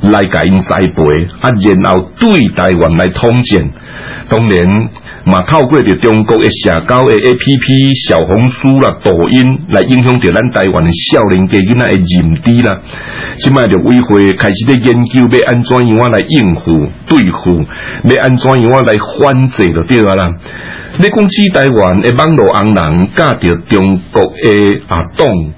來甲因栽培啊，然後對台灣來統戰。當年嘛，透過着中國的社交的 APP 小紅書啦、抖音來影響着咱台灣的少年家囡仔嘅認知啦。即賣嘅委會開始咧研究，要安怎樣啊來應付、對付，要安怎樣啊來反制咯，對阿啦？你講起台灣嘅網絡紅人，嫁着中國嘅阿東。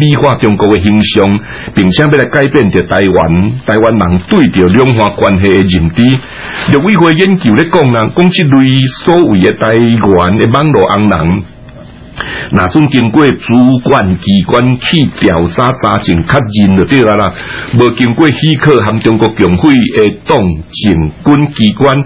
美化中國嘅形象，並且要來改變着台灣台灣人對着兩岸關係嘅認知。陸委會研究咧講啦，講即類所謂嘅台灣嘅網絡紅人，那總經過主管機關去調查查證確認就對啦啦，無經過許可向中國共會嘅黨政軍機關。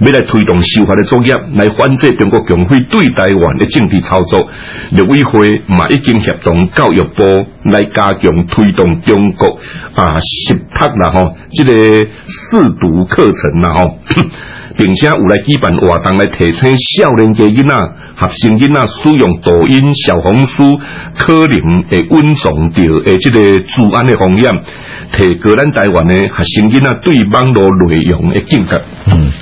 要來推動修法嘅作業，來反制中國強推對台灣嘅政治操作。陸委會嘛已經協同教育部來加強推動中國啊，識、哦，這個、讀啦，吼、哦，即個識讀課程啦，吼，並且有來舉辦活動來提升少年嘅囡仔、學生囡仔使用抖音、小紅書、可能會運送着誒，即個治安嘅風險，提高咱台灣嘅學生囡仔對網絡內容嘅警覺。嗯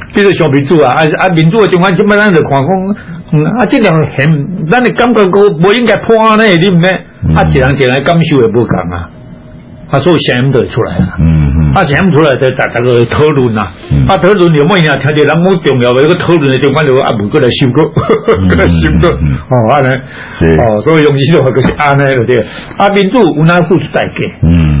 比如像民主啊，啊啊民主的情況，今般咱就看講、嗯，啊，這兩個險，咱的感覺個不應該破呢，你唔咩？嗯、啊，一人一人感受也不同啊，啊，所以想得出來啦。嗯嗯。啊，想不出來在在在個討論啦。啊，討、嗯啊、論有乜嘢？聽見那麼重要的一個討論的情況就，就阿梅過來修過，呵呵呵呵，修過。嗯、哦，安、啊、尼。是哦，所以用伊說話就是安尼個對。啊，民主無奈付出代價。嗯。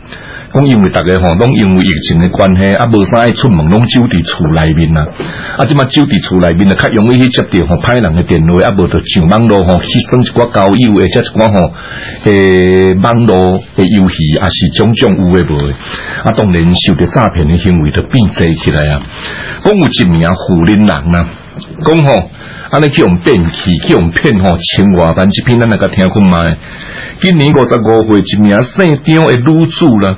講因為大家吼，攏因為疫情的關係，啊無曬出門，都在在就佇厝內面啊。啊，即擺就佇厝內面，就較容易去接到好歹人嘅電話啊，無到上網絡吼犧牲一寡交友，或者一寡吼誒網絡嘅遊戲啊，是種種有無唔，啊，當然受到詐騙嘅行為都變多起來啊。講有一名虎林人啊，講吼安尼去用電器去用，去用騙吼千外萬，一片，咱來甲聽看賣。今年五十五歲一名姓張嘅女子啦。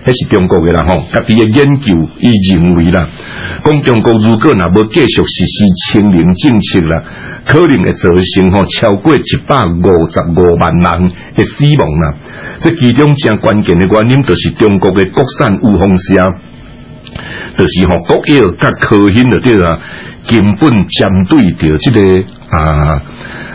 喺是中國嘅人，嗬，家哋嘅研究，佢認為啦，講中國，國如果若要繼續實施清零政策啦，可能會造成嗬超過一百五十五萬人嘅死亡啦。即其中最關鍵嘅原因，就是中國嘅國產烏風啊，就是嗬、哦，國藥佢科興啊啲、這個、啊，根本針對到即個啊。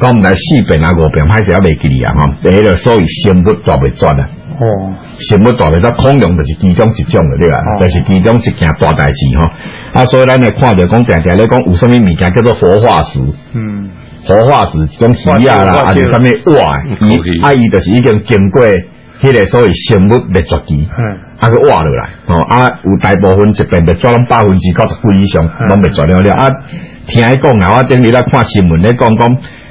講毋知四邊抑五邊，歹勢抑未記啊？吼，所以生物大滅絕啊？吼，生物大滅絕，即恐龍，就是其中一種誒，對啊，就是其中一件大代志吼。啊，所以咱你看到講定定咧，講有什嘢物件叫做活化石？嗯，活化石，一種魚仔啦，啊，者什嘢瓦？佢啊，伊就是已經經過，迄個所謂生物滅絕期，嗯，啊擱活落來吼。啊有大部分級別未攏百分之九十以上攏滅絕了了。啊，聽伊講啊，啊，頂日啦，看新聞咧講講。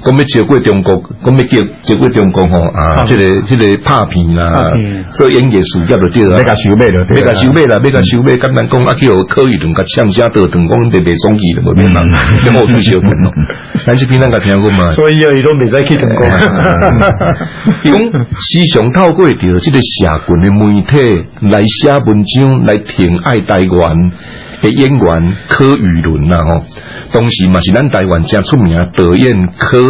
講欲叫過中國？講欲叫叫過中國？吼，啊，即個即個拍片啦，做演藝事業都著啦。欲甲收尾都著啦？欲甲收尾啦？欲甲收尾。吉南講啊，叫柯宇倫，個鄉下都講工哋未中意，冇邊人，咁我做小片咯。咱即邊咱哋聽過嘛，所以又伊都未使去中國。伊講思想透過着即、這個社群嘅媒體來寫文章，來挺愛台灣嘅演員柯宇倫啊吼，當時嘛是咱台灣誠出名，導演柯。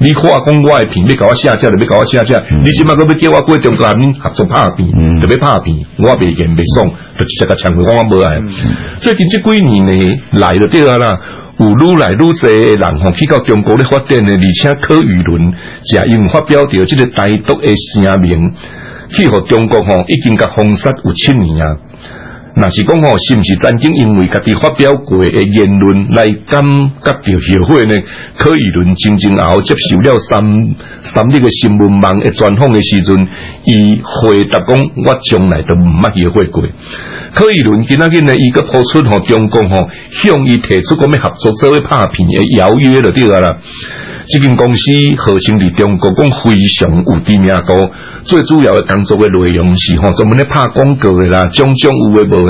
你話講我的片，你給我下只，你給我下只，嗯、你只嘛佢要叫我過中國合作拍片，特別拍片，嗯、我未見未爽，就只個長輩我冇嚟。嗯、所以最近這幾年呢，來到啲啦，愈來愈多嘅人去到中國的發展呢，而且柯宇綸，即係因發表到即個台獨的聲明，去乎中國吼已經個封殺有七年啊。嗱，是講吼，是唔是曾經因為家己發表過嘅言論，來感覺到後悔呢？柯宜倫真正後接受了三三日個新聞網嘅專訪嘅時陣，伊回答講：我將來都毋捌嘢後悔。柯宜倫今日呢，伊個破出吼中國吼向伊提出講要合作作為拍片嘅邀約就對了啦。呢間公司號稱喺中國講非常有知名度，最主要嘅工作嘅內容是吼專門咩拍廣告嘅啦，種種有嘅無？